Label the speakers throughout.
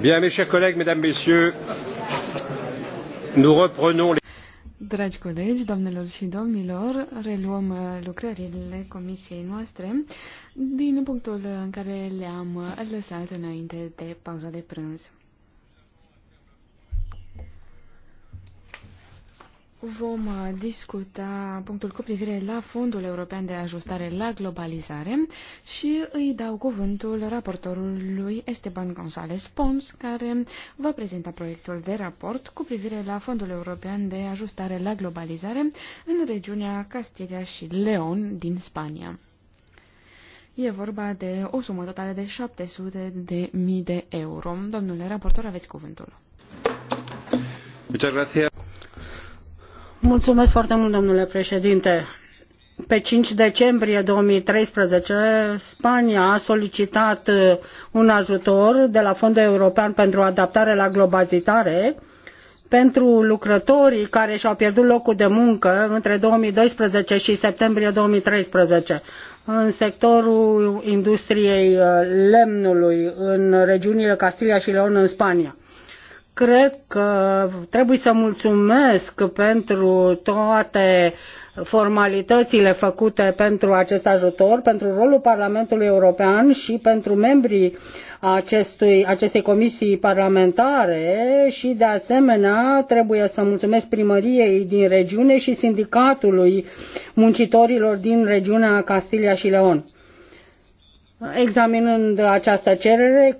Speaker 1: Bien, mes chers collègues, mesdames,
Speaker 2: messieurs, nous reprenons les... Dragi colegi, doamnelor și domnilor, reluăm uh, lucrările comisiei noastre din punctul în care le-am uh, lăsat înainte de pauza de prânz. Vom uh, discuta punctul cu privire la Fondul European de Ajustare la Globalizare și îi dau cuvântul raportorului Esteban González Pons, care va prezenta proiectul de raport cu privire la Fondul European de Ajustare la Globalizare în regiunea Castilla și Leon din Spania. E vorba de o sumă totală de 700 de mii de euro. Domnule raportor, aveți cuvântul. Muchas gracias.
Speaker 3: Mulțumesc foarte mult, domnule președinte. Pe 5 decembrie 2013, Spania a solicitat uh, un ajutor de la Fondul European pentru Adaptare la Globalizare pentru lucrătorii care și-au pierdut locul de muncă între 2012 și septembrie 2013 în sectorul industriei uh, lemnului în regiunile Castilia și Leon în Spania cred că trebuie să mulțumesc pentru toate formalitățile făcute pentru acest ajutor, pentru rolul Parlamentului European și pentru membrii acestui, acestei comisii parlamentare și de asemenea trebuie să mulțumesc primăriei din regiune și sindicatului muncitorilor din regiunea Castilia și Leon. Examinând această cerere,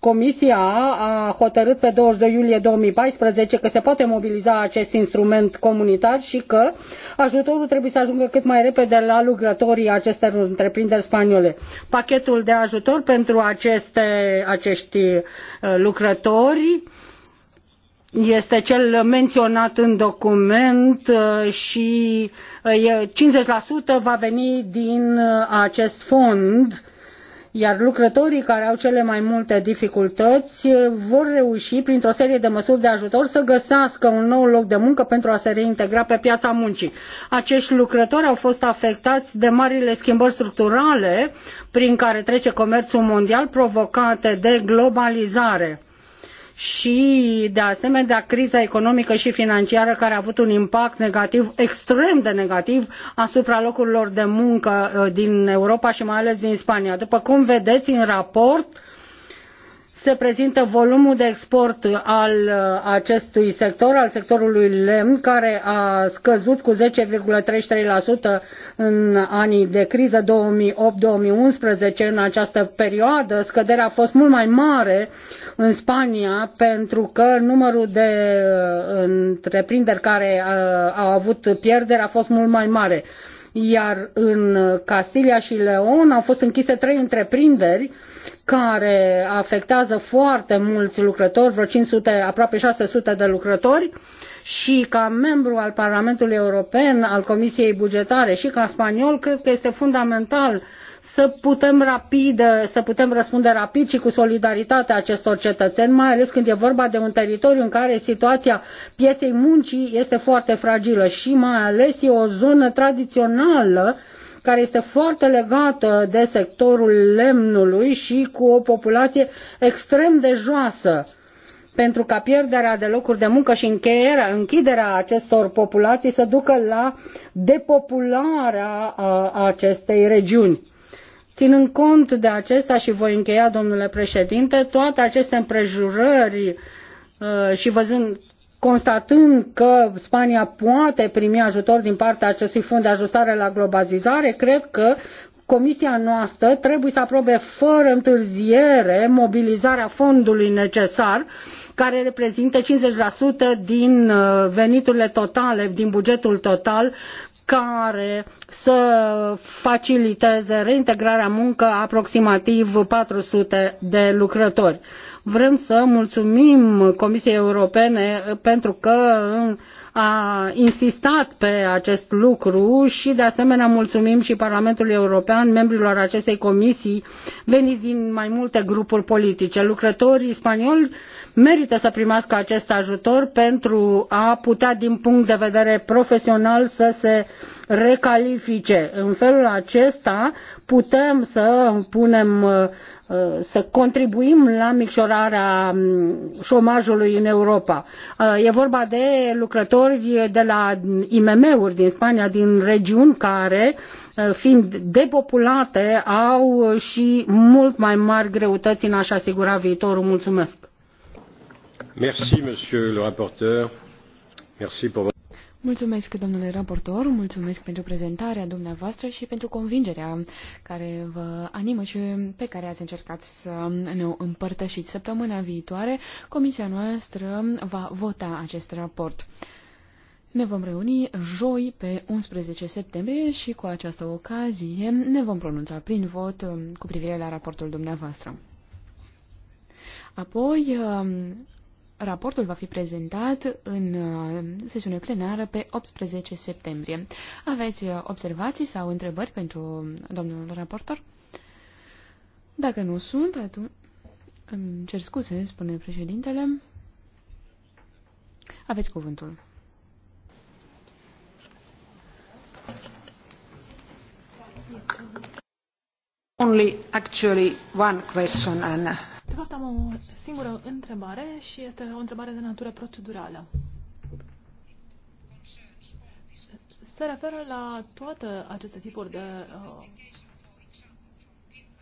Speaker 3: Comisia a hotărât pe 22 iulie 2014 că se poate mobiliza acest instrument comunitar și că ajutorul trebuie să ajungă cât mai repede la lucrătorii acestor întreprinderi spaniole. Pachetul de ajutor pentru aceste, acești uh, lucrători uh, este cel menționat în document uh, și 50% uh, va veni din uh, acest fond, iar lucrătorii care au cele mai multe dificultăți vor reuși printr-o serie de măsuri de ajutor să găsească un nou loc de muncă pentru a se reintegra pe piața muncii. Acești lucrători au fost afectați de marile schimbări structurale prin care trece comerțul mondial provocate de globalizare și, de asemenea, criza economică și financiară care a avut un impact negativ, extrem de negativ, asupra locurilor de muncă uh, din Europa și mai ales din Spania. După cum vedeți în raport, se prezintă volumul de export al uh, acestui sector, al sectorului lemn, care a scăzut cu trei în anii de criză 2008-2011. În această perioadă scăderea a fost mult mai mare în Spania pentru că numărul de uh, întreprinderi care uh, au avut pierderi a fost mult mai mare. Iar în Castilia și Leon au fost închise trei întreprinderi uh, care afectează foarte mulți lucrători, vreo 500, aproape 600 de lucrători și ca membru al Parlamentului European, al Comisiei Bugetare și ca spaniol, cred că este fundamental să putem, rapid, să putem răspunde rapid și cu solidaritate acestor cetățeni, mai ales când e vorba de un teritoriu în care situația pieței muncii este foarte fragilă și mai ales e o zonă tradițională uh, care este foarte legată de sectorul lemnului și cu o populație extrem de joasă pentru ca pierderea de locuri de muncă și încheierea, închiderea acestor populații să ducă la depopularea acestei regiuni. Ținând cont de acesta și voi încheia, domnule președinte, toate aceste împrejurări uh, și văzând constatând că Spania poate primi ajutor din partea acestui fond de ajustare la globalizare, cred că Comisia noastră trebuie să aprobe fără întârziere mobilizarea fondului necesar care reprezintă 50% din uh, veniturile totale, din bugetul total, care să faciliteze reintegrarea muncă a aproximativ 400 de lucrători. Vrem să mulțumim Comisiei Europene pentru că a insistat pe acest lucru și de asemenea mulțumim și Parlamentului European, membrilor acestei comisii veniți din mai multe grupuri politice. Lucrătorii spanioli merită să primească acest ajutor pentru a putea din punct de vedere profesional să se recalifice. În felul acesta putem să punem uh, uh, să contribuim la micșorarea um, șomajului în Europa. Uh, e vorba de lucrători de la IMM-uri din Spania, din regiuni care fiind depopulate, au și mult mai mari greutăți în a-și asigura viitorul. Mulțumesc! Mulțumesc, domnule
Speaker 2: raportor, mulțumesc pentru prezentarea dumneavoastră și pentru convingerea care vă animă și pe care ați încercat să ne o împărtășiți. Săptămâna viitoare, comisia noastră va vota acest raport. Ne vom reuni joi pe 11 septembrie și cu această ocazie ne vom pronunța prin vot cu privire la raportul dumneavoastră. Apoi Raportul va fi prezentat în uh, sesiune plenară pe 18 septembrie. Aveți uh, observații sau întrebări pentru domnul raportor? Dacă nu sunt, atunci... Îmi cer scuze, spune președintele. Aveți cuvântul.
Speaker 3: Only actually one question and
Speaker 1: de fapt, am o singură întrebare și este o întrebare de natură procedurală. Se referă la toate aceste tipuri de uh,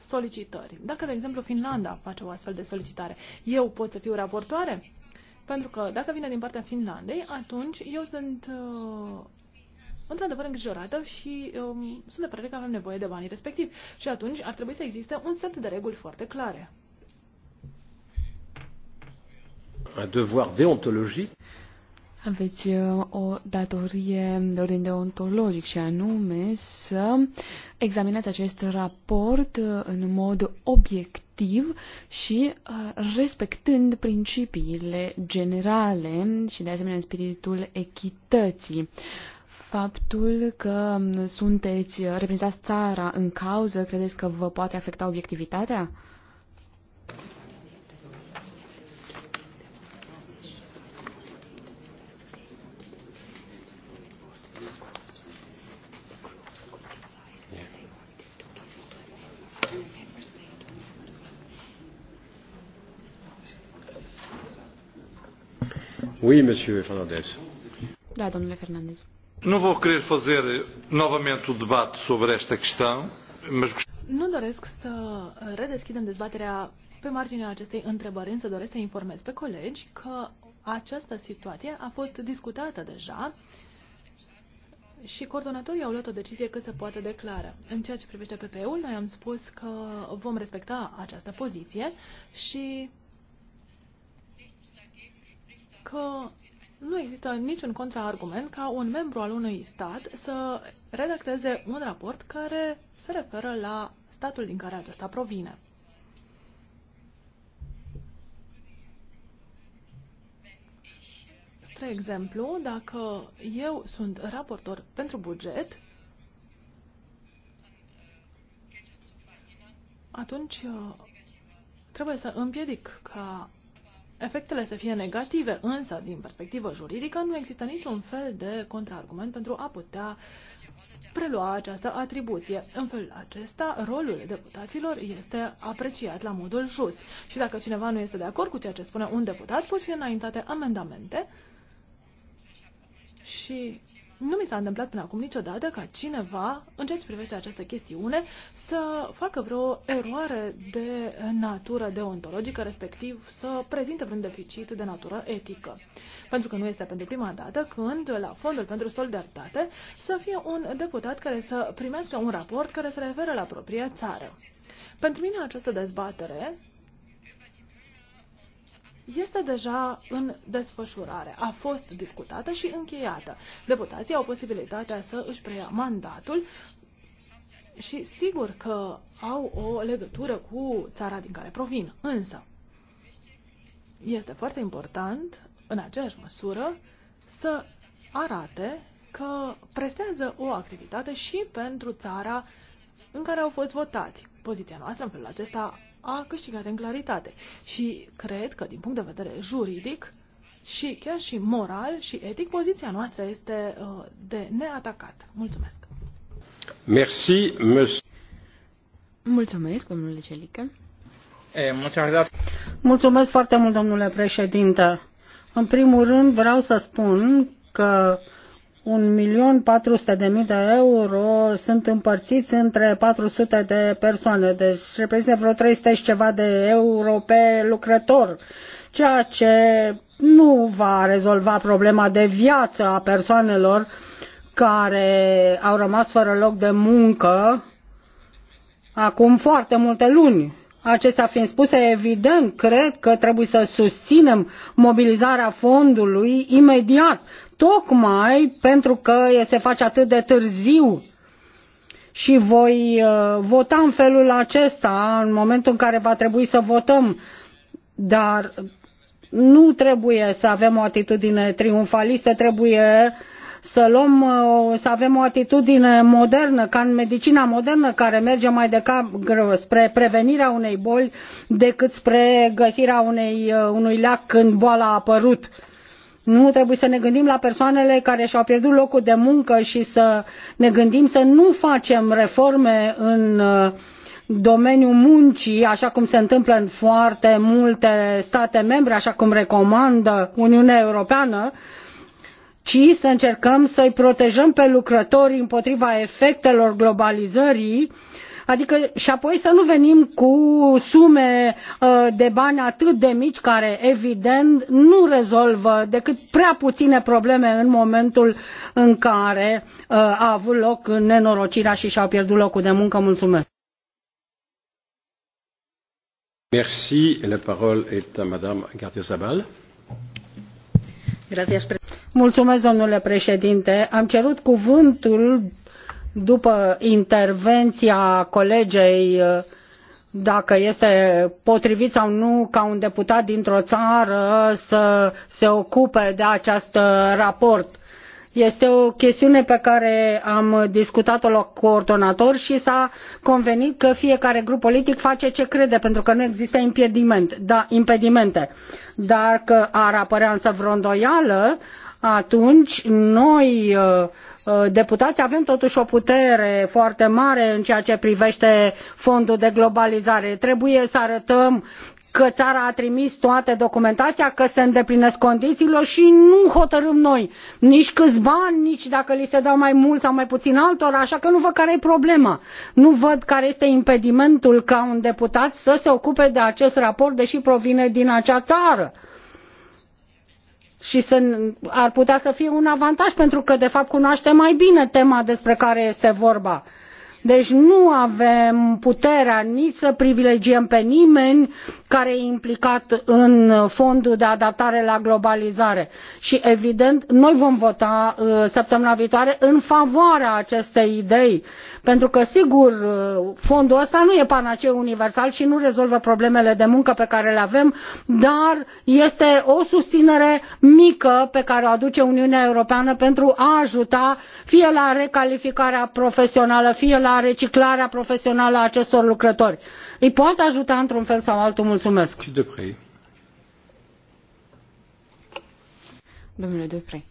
Speaker 1: solicitări. Dacă, de exemplu, Finlanda face o astfel de solicitare, eu pot să fiu raportoare? Pentru că dacă vine din partea Finlandei, atunci eu sunt uh, într-adevăr îngrijorată și uh, sunt de părere că avem nevoie de banii respectivi. Și atunci ar trebui să existe un set de reguli foarte clare.
Speaker 2: un devoir déontologique. Aveți uh, o datorie de ordin deontologic și anume să examinați acest raport uh, în mod obiectiv și uh, respectând principiile generale și de asemenea în spiritul echității faptul că sunteți reprezentați țara în cauză, credeți că vă poate afecta obiectivitatea? Da, domnule Fernandez.
Speaker 3: Nu vou querer fazer novamente o debate sobre esta questão, mas...
Speaker 1: Nu doresc să redeschidem dezbaterea pe marginea acestei întrebări, însă doresc să informez pe colegi că această situație a fost discutată deja și coordonatorii au luat o decizie cât se poate declară. În ceea ce privește PP-ul, noi am spus că vom respecta această poziție și că nu există niciun contraargument ca un membru al unui stat să redacteze un raport care se referă la statul din care acesta provine. Spre exemplu, dacă eu sunt raportor pentru buget, atunci uh, trebuie să împiedic ca efectele să fie negative, însă, din perspectivă juridică, nu există niciun fel de contraargument pentru a putea prelua această atribuție. În felul acesta, rolul deputaților este apreciat la modul just și dacă cineva nu este de acord cu ceea ce spune un deputat, pot fi înaintate amendamente și nu mi s-a întâmplat până acum niciodată ca cineva, în ceea ce privește această chestiune, să facă vreo eroare de natură deontologică, respectiv să prezinte vreun deficit de natură etică. Pentru că nu este pentru prima dată când, la Fondul pentru Solidaritate, să fie un deputat care să primească un raport care se referă la propria țară. Pentru mine această dezbatere este deja în desfășurare, a fost discutată și încheiată. Deputații au posibilitatea să își preia mandatul și sigur că au o legătură cu țara din care provin. Însă, este foarte important, în aceeași măsură, să arate că prestează o activitate și pentru țara în care au fost votați. Poziția noastră în felul acesta a câștigat în claritate. Și cred că, din punct de vedere juridic, și chiar și moral și etic, poziția noastră este uh, de neatacat. Mulțumesc! Merci, Mulțumesc,
Speaker 3: domnule Celică. Da. Mulțumesc foarte mult, domnule președinte. În primul rând, vreau să spun că 1.400.000 de euro sunt împărțiți între 400 de persoane, deci reprezintă vreo 300 și ceva de euro pe lucrător, ceea ce nu va rezolva problema de viață a persoanelor care au rămas fără loc de muncă acum foarte multe luni. Acestea fiind spuse, evident, cred că trebuie să susținem mobilizarea fondului imediat tocmai pentru că se face atât de târziu și voi uh, vota în felul acesta în momentul în care va trebui să votăm. Dar nu trebuie să avem o atitudine triumfalistă, trebuie să luăm, uh, să avem o atitudine modernă, ca în medicina modernă, care merge mai degrabă spre prevenirea unei boli decât spre găsirea unei, uh, unui lac când boala a apărut. Nu trebuie să ne gândim la persoanele care și-au pierdut locul de muncă și să ne gândim să nu facem reforme în uh, domeniul muncii, așa cum se întâmplă în foarte multe state membre, așa cum recomandă Uniunea Europeană, ci să încercăm să-i protejăm pe lucrători împotriva efectelor globalizării uh, Adică și apoi să nu venim cu sume uh, de bani atât de mici care evident nu rezolvă decât prea puține probleme în momentul în care uh, a avut loc nenorocirea și și-au pierdut locul de muncă. Mulțumesc!
Speaker 2: Merci. La parole est à Madame Gardiazabal.
Speaker 3: Mulțumesc, domnule președinte. Am cerut cuvântul după intervenția colegei dacă este potrivit sau nu ca un deputat dintr-o țară să se ocupe de acest raport. Este o chestiune pe care am discutat-o la coordonator și s-a convenit că fiecare grup politic face ce crede, pentru că nu există impediment, da, impedimente. Dacă ar apărea însă vreo îndoială, atunci noi uh, Uh, deputați, avem totuși o putere foarte mare în ceea ce privește fondul de globalizare. Trebuie să arătăm că țara a trimis toată documentația, că se îndeplinesc condițiile și nu hotărâm noi nici câți bani, nici dacă li se dau mai mult sau mai puțin altora, așa că nu văd care e problema. Nu văd care este impedimentul ca un deputat să se ocupe de acest raport, deși provine din acea țară și să, ar putea să fie un avantaj pentru că de fapt cunoaștem mai bine tema despre care este vorba. Deci nu avem puterea nici să privilegiem pe nimeni, care e implicat în fondul de adaptare la globalizare și evident noi vom vota uh, săptămâna viitoare în favoarea acestei idei pentru că sigur uh, fondul ăsta nu e panaceu universal și nu rezolvă problemele de muncă pe care le avem dar este o susținere mică pe care o aduce uniunea europeană pentru a ajuta fie la recalificarea profesională fie la reciclarea profesională a acestor lucrători îi pot ajuta într-un fel sau altul. Mulțumesc. Domnule
Speaker 2: Dupre.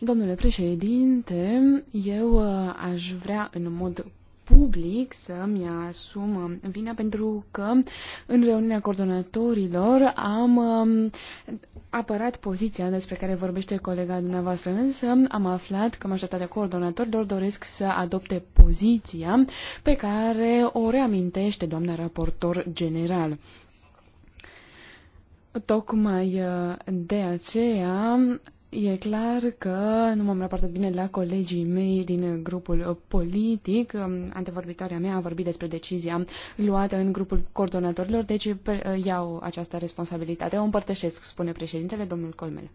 Speaker 2: Domnule președinte, eu uh, aș vrea în mod public să-mi asum um, vina pentru că în reuniunea coordonatorilor am um, apărat poziția despre care vorbește colega dumneavoastră, însă am aflat că majoritatea coordonatorilor doresc să adopte poziția pe care o reamintește doamna raportor general. Tocmai uh, de aceea E clar că nu m-am raportat bine la colegii mei din grupul politic. Antevorbitoarea mea a vorbit despre decizia luată în grupul coordonatorilor, deci iau această responsabilitate. O împărtășesc, spune președintele, domnul Colmel.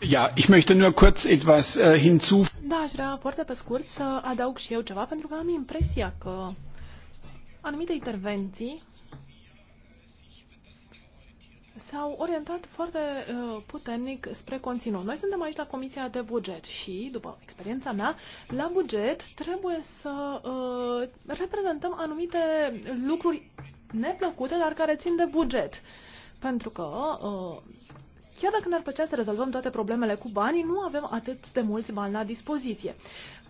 Speaker 2: Ja, ich möchte nur
Speaker 1: kurz etwas äh, hinzufügen. Da, aș vrea foarte pe scurt să adaug și eu ceva, pentru că am impresia că anumite intervenții s-au orientat foarte uh, puternic spre conținut. Noi suntem aici la Comisia de Buget și, după experiența mea, la buget trebuie să uh, reprezentăm anumite lucruri neplăcute, dar care țin de buget. Pentru că uh, Chiar dacă ne-ar plăcea să rezolvăm toate problemele cu banii, nu avem atât de mulți bani la dispoziție.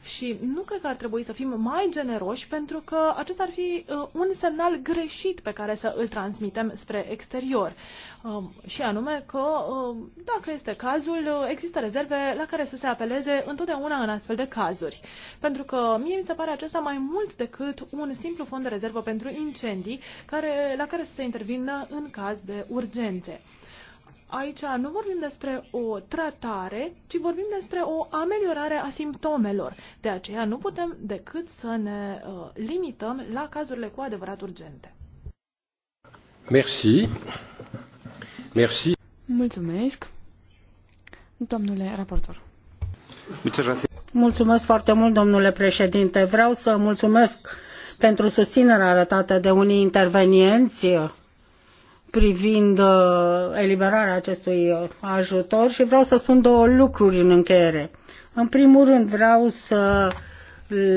Speaker 1: Și nu cred că ar trebui să fim mai generoși, pentru că acesta ar fi uh, un semnal greșit pe care să îl transmitem spre exterior. Uh, și anume că, uh, dacă este cazul, uh, există rezerve la care să se apeleze întotdeauna în astfel de cazuri. Pentru că mie mi se pare acesta mai mult decât un simplu fond de rezervă pentru incendii, care, la care să se intervină în caz de urgențe. Aici nu vorbim despre o tratare, ci vorbim despre o ameliorare a simptomelor. De aceea nu putem decât să ne uh, limităm la cazurile cu adevărat urgente. Merci. Merci.
Speaker 3: Mulțumesc. Domnule raportor. Mulțumesc foarte mult, domnule președinte. Vreau să mulțumesc pentru susținerea arătată de unii intervenienți privind uh, eliberarea acestui uh, ajutor și vreau să spun două lucruri în încheiere. În primul rând vreau să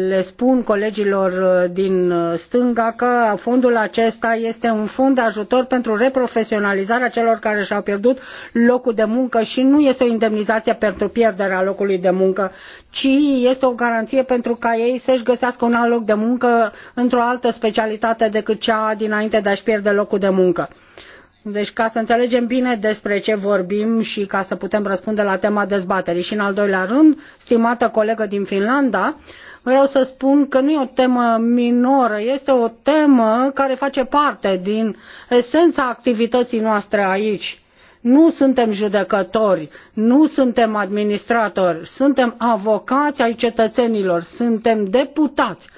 Speaker 3: le spun colegilor uh, din stânga că fondul acesta este un fond de ajutor pentru reprofesionalizarea celor care și-au pierdut locul de muncă și nu este o indemnizație pentru pierderea locului de muncă, ci este o garanție pentru ca ei să-și găsească un alt loc de muncă într-o altă specialitate decât cea dinainte de a-și pierde locul de muncă deci ca să înțelegem bine despre ce vorbim și ca să putem răspunde la tema dezbaterii. Și în al doilea rând, stimată colegă din Finlanda, vreau să spun că nu e o temă minoră, este o temă care face parte din esența activității noastre aici. Nu suntem judecători, nu suntem administratori, suntem avocați ai cetățenilor, suntem deputați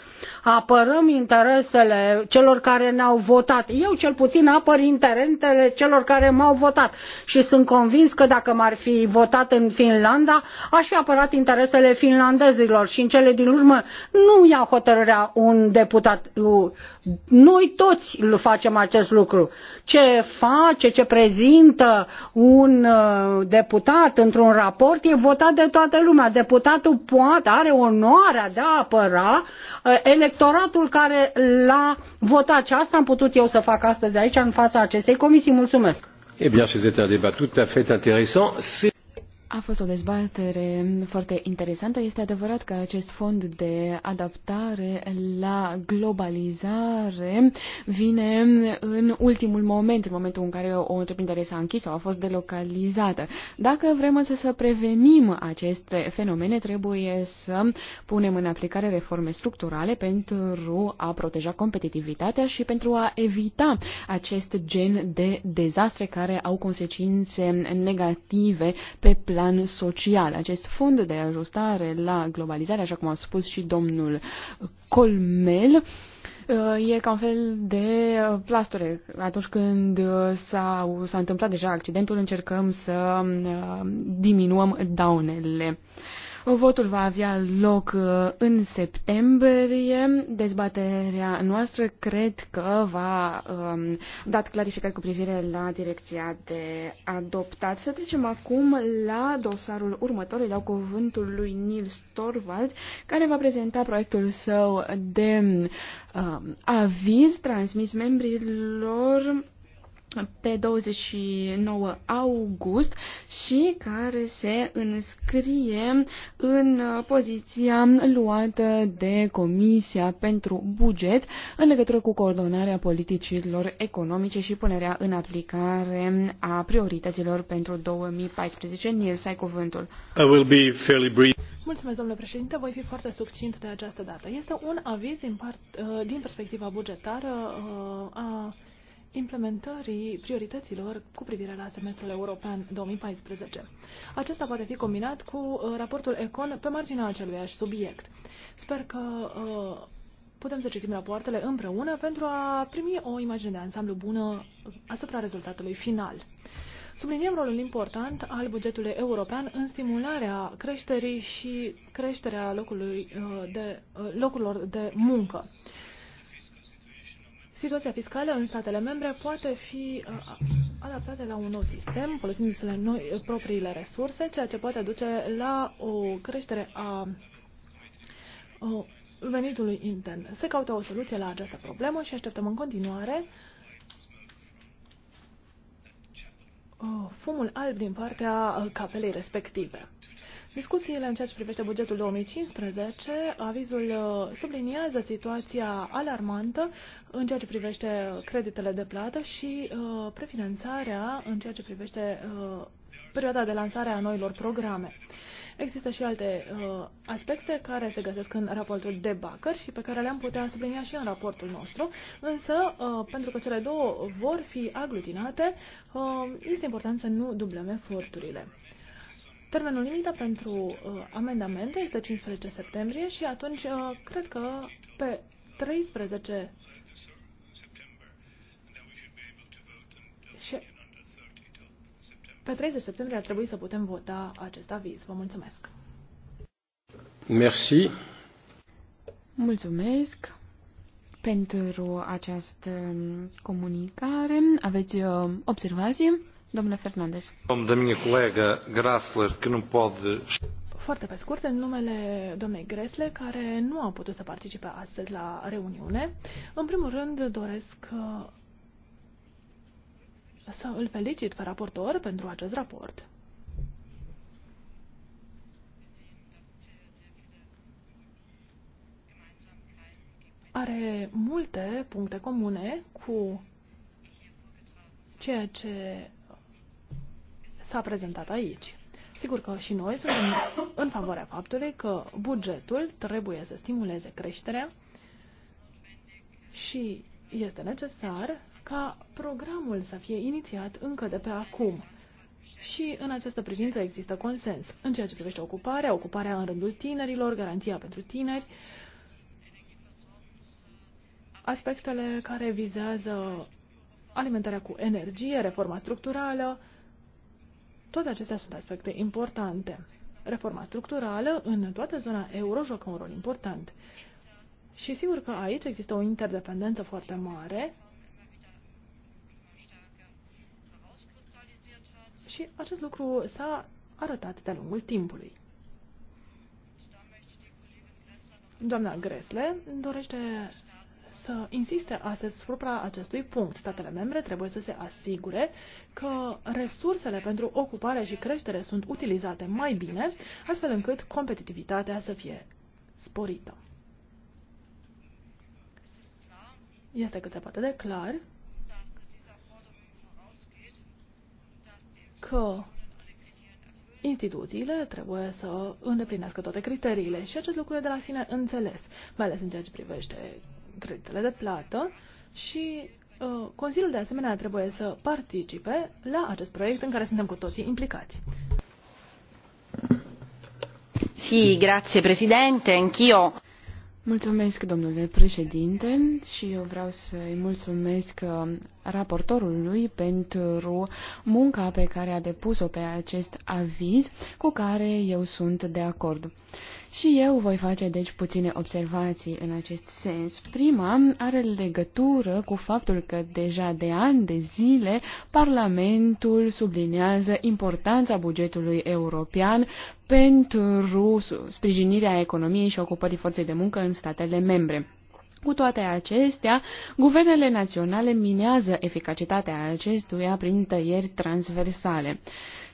Speaker 3: apărăm interesele celor care ne-au votat. Eu cel puțin apăr interesele celor care m-au votat și sunt convins că dacă m-ar fi votat în Finlanda, aș fi apărat interesele finlandezilor și în cele din urmă nu ia hotărârea un deputat noi toți facem acest lucru. Ce face, ce prezintă un uh, deputat într-un raport e votat de toată lumea. Deputatul poate, are onoarea de a apăra uh, electoratul care l-a votat. Și asta am putut eu să fac astăzi aici în fața acestei comisii. Mulțumesc!
Speaker 1: Eh bien, c'était un debat tout à fait intéressant.
Speaker 2: A fost o dezbatere foarte interesantă. Este adevărat că acest fond de adaptare la globalizare vine în ultimul moment, în momentul în care o întreprindere s-a închis sau a fost delocalizată. Dacă vrem să, să prevenim aceste fenomene, trebuie să punem în aplicare reforme structurale pentru a proteja competitivitatea și pentru a evita acest gen de dezastre care au consecințe negative pe plan plan social. Acest fond de ajustare la globalizare, așa cum a spus și domnul Colmel, e ca un fel de plasture. Atunci când s-a, întâmplat deja accidentul, încercăm să uh, diminuăm daunele. Votul va avea loc uh, în septembrie. Dezbaterea noastră cred că va um, dat clarificări cu privire la direcția de adoptat. Să trecem acum la dosarul următor. Îi dau cuvântul lui Nils Torvald, care va prezenta proiectul său de um, aviz transmis membrilor pe 29 august și care se înscrie în poziția luată de Comisia pentru Buget în legătură cu coordonarea politicilor economice și punerea în aplicare a priorităților pentru 2014. Nils, ai cuvântul. I will be fairly brief.
Speaker 1: Mulțumesc, domnule președinte. Voi fi foarte succint de această dată. Este un aviz din, part, uh, din perspectiva bugetară uh, a implementării priorităților cu privire la semestrul european 2014. Acesta poate fi combinat cu uh, raportul ECON pe marginea aceluiași subiect. Sper că uh, putem să citim rapoartele împreună pentru a primi o imagine de ansamblu bună asupra rezultatului final. Subliniem rolul important al bugetului european în stimularea creșterii și creșterea locului uh, de, locurilor de muncă. Situația fiscală în statele membre poate fi uh, adaptată la un nou sistem, folosindu-se la noi uh, propriile resurse, ceea ce poate duce la o creștere a venitului intern. Se caută o soluție la această problemă și așteptăm în continuare uh, fumul alb din partea capelei respective. Discuțiile în ceea ce privește bugetul 2015, avizul uh, subliniază situația alarmantă în ceea ce privește creditele de plată și uh, prefinanțarea în ceea ce privește uh, perioada de lansare a noilor programe. Există și alte uh, aspecte care se găsesc în raportul de Bacăr și pe care le-am putea sublinia și în raportul nostru, însă, uh, pentru că cele două vor fi aglutinate, uh, este important să nu dublăm eforturile. Termenul limită pentru uh, amendamente este 15 septembrie și atunci uh, cred că pe 13 și pe 30 septembrie ar trebui să putem vota acest aviz. Vă mulțumesc!
Speaker 2: Merci! Mulțumesc pentru această comunicare. Aveți uh, observații? Domnule Fernandez.
Speaker 3: Domnul de da colega Grassler, că nu poate...
Speaker 1: Foarte pe scurt, în numele domnei Gresle, care nu a putut să participe astăzi la reuniune, în primul rând doresc uh, să îl felicit pe raportor pentru acest raport. Are multe puncte comune cu ceea ce s-a prezentat aici. Sigur că și noi suntem în favoarea faptului că bugetul trebuie să stimuleze creșterea și este necesar ca programul să fie inițiat încă de pe acum. Și în această privință există consens. În ceea ce privește ocuparea, ocuparea în rândul tinerilor, garanția pentru tineri, aspectele care vizează alimentarea cu energie, reforma structurală, toate acestea sunt aspecte importante. Reforma structurală în toată zona euro joacă un rol important. Și sigur că aici există o interdependență foarte mare și acest lucru s-a arătat de-a lungul timpului. Doamna Gresle dorește să insiste asupra acestui punct. Statele membre trebuie să se asigure că resursele pentru ocupare și creștere sunt utilizate mai bine, astfel încât competitivitatea să fie sporită. Este cât se poate de clar că instituțiile trebuie să îndeplinească toate criteriile și acest lucru e de la sine înțeles, mai ales în ceea ce privește dreptele de plată și uh, Consiliul de asemenea trebuie să participe la acest proiect în care suntem cu toții implicați.
Speaker 3: Sì, grazie Presidente, anch'io.
Speaker 2: Mulțumesc, domnule președinte, și eu vreau să-i mulțumesc uh, raportorului pentru munca pe care a depus-o pe acest aviz, cu care eu sunt de acord. Și eu voi face, deci, puține observații în acest sens. Prima are legătură cu faptul că deja de ani de zile Parlamentul sublinează importanța bugetului european pentru sprijinirea economiei și ocupării forței de muncă în statele membre. Cu toate acestea, guvernele naționale minează eficacitatea acestuia prin tăieri transversale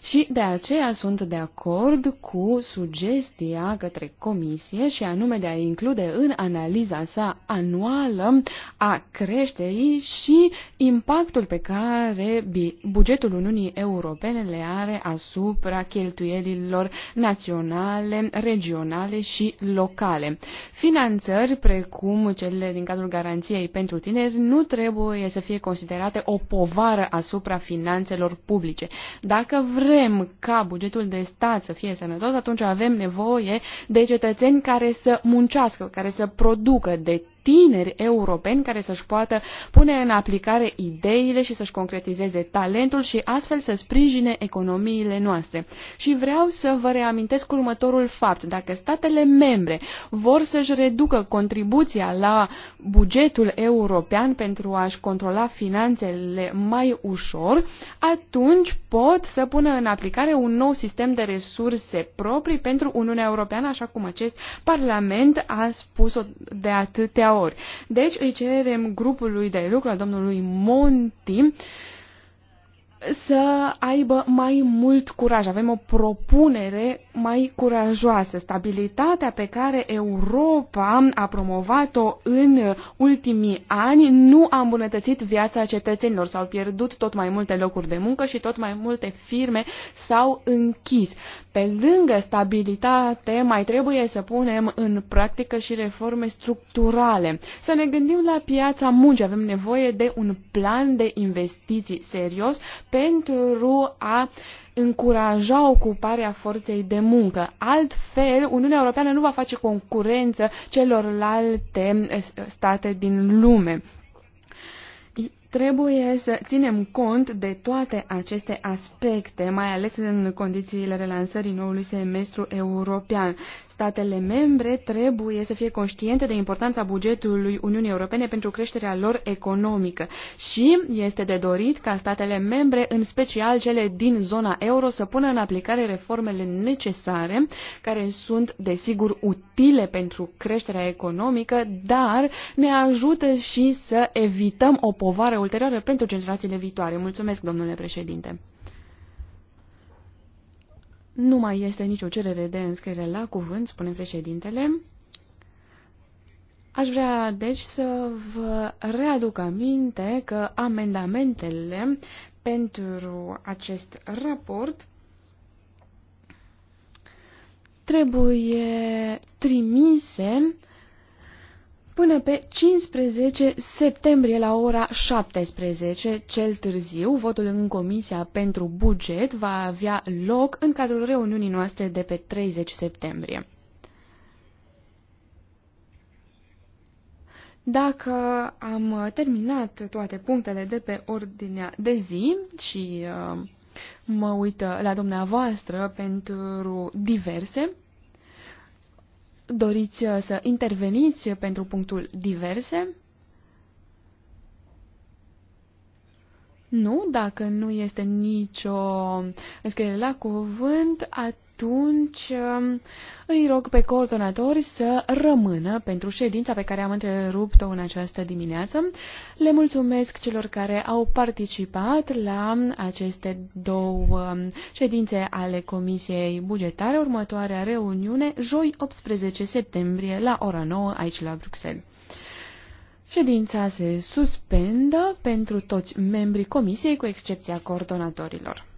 Speaker 2: și de aceea sunt de acord cu sugestia către comisie și anume de a include în analiza sa anuală a creșterii și impactul pe care bugetul Uniunii Europene le are asupra cheltuielilor naționale, regionale și locale. Finanțări precum cele din cadrul garanției pentru tineri nu trebuie să fie considerate o povară asupra finanțelor publice. Dacă vre vrem ca bugetul de stat să fie sănătos, atunci avem nevoie de cetățeni care să muncească, care să producă, de tineri europeni care să-și poată pune în aplicare ideile și să-și concretizeze talentul și astfel să sprijine economiile noastre. Și vreau să vă reamintesc următorul fapt. Dacă statele membre vor să-și reducă contribuția la bugetul european pentru a-și controla finanțele mai ușor, atunci pot să pună în aplicare un nou sistem de resurse proprii pentru Uniunea Europeană, așa cum acest Parlament a spus-o de atâtea ori. Deci îi cerem grupului de lucru al domnului Monti să aibă mai mult curaj. Avem o propunere mai curajoasă. Stabilitatea pe care Europa a promovat-o în ultimii ani nu a îmbunătățit viața cetățenilor. S-au pierdut tot mai multe locuri de muncă și tot mai multe firme s-au închis. Pe lângă stabilitate mai trebuie să punem în practică și reforme structurale. Să ne gândim la piața muncii. Avem nevoie de un plan de investiții serios pentru a încuraja ocuparea forței de muncă. Altfel, Uniunea Europeană nu va face concurență celorlalte state din lume trebuie să ținem cont de toate aceste aspecte, mai ales în condițiile relansării noului semestru european. Statele membre trebuie să fie conștiente de importanța bugetului Uniunii Europene pentru creșterea lor economică și este de dorit ca statele membre, în special cele din zona euro, să pună în aplicare reformele necesare, care sunt, desigur, utile pentru creșterea economică, dar ne ajută și să evităm o povară ulterioară pentru generațiile viitoare. Mulțumesc, domnule președinte. Nu mai este nicio cerere de înscriere la cuvânt, spune președintele. Aș vrea, deci, să vă readuc aminte că amendamentele pentru acest raport trebuie trimise până pe 15 septembrie la ora 17, cel târziu, votul în Comisia pentru Buget va avea loc în cadrul reuniunii noastre de pe 30 septembrie. Dacă am terminat toate punctele de pe ordinea de zi și uh, mă uit la dumneavoastră pentru diverse, Doriți uh, să interveniți pentru punctul diverse? Nu, dacă nu este nicio înscriere la cuvânt, atunci atunci um, îi rog pe coordonatori să rămână pentru ședința pe care am întrerupt-o în această dimineață. Le mulțumesc celor care au participat la aceste două um, ședințe ale Comisiei Bugetare. Următoarea reuniune, joi 18 septembrie, la ora 9, aici la Bruxelles. Ședința se suspendă pentru toți membrii comisiei, cu excepția
Speaker 3: coordonatorilor.